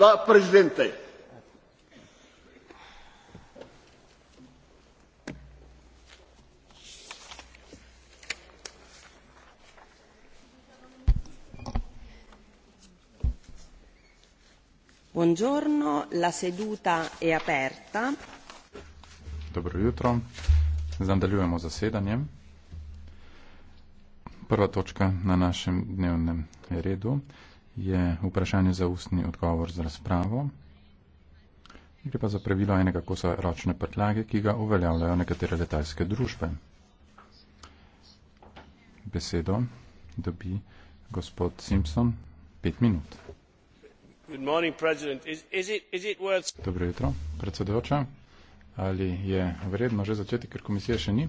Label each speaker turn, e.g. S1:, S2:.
S1: da presidente
S2: Buongiorno, la seduta è aperta.
S3: Dobro jutro. Nadaljujemo z zasedanjem. Prva točka na našem dnevnem redu je vprašanje za ustni odgovor z razpravo. Gre pa za pravilo enega kosa ročne prtljage, ki ga uveljavljajo nekatere letalske družbe. Besedo dobi gospod Simpson pet minut.
S4: Morning, is, is it, is it worth...
S3: Dobro jutro, predsedujoča. Ali
S4: je vredno že začeti, ker komisije še ni?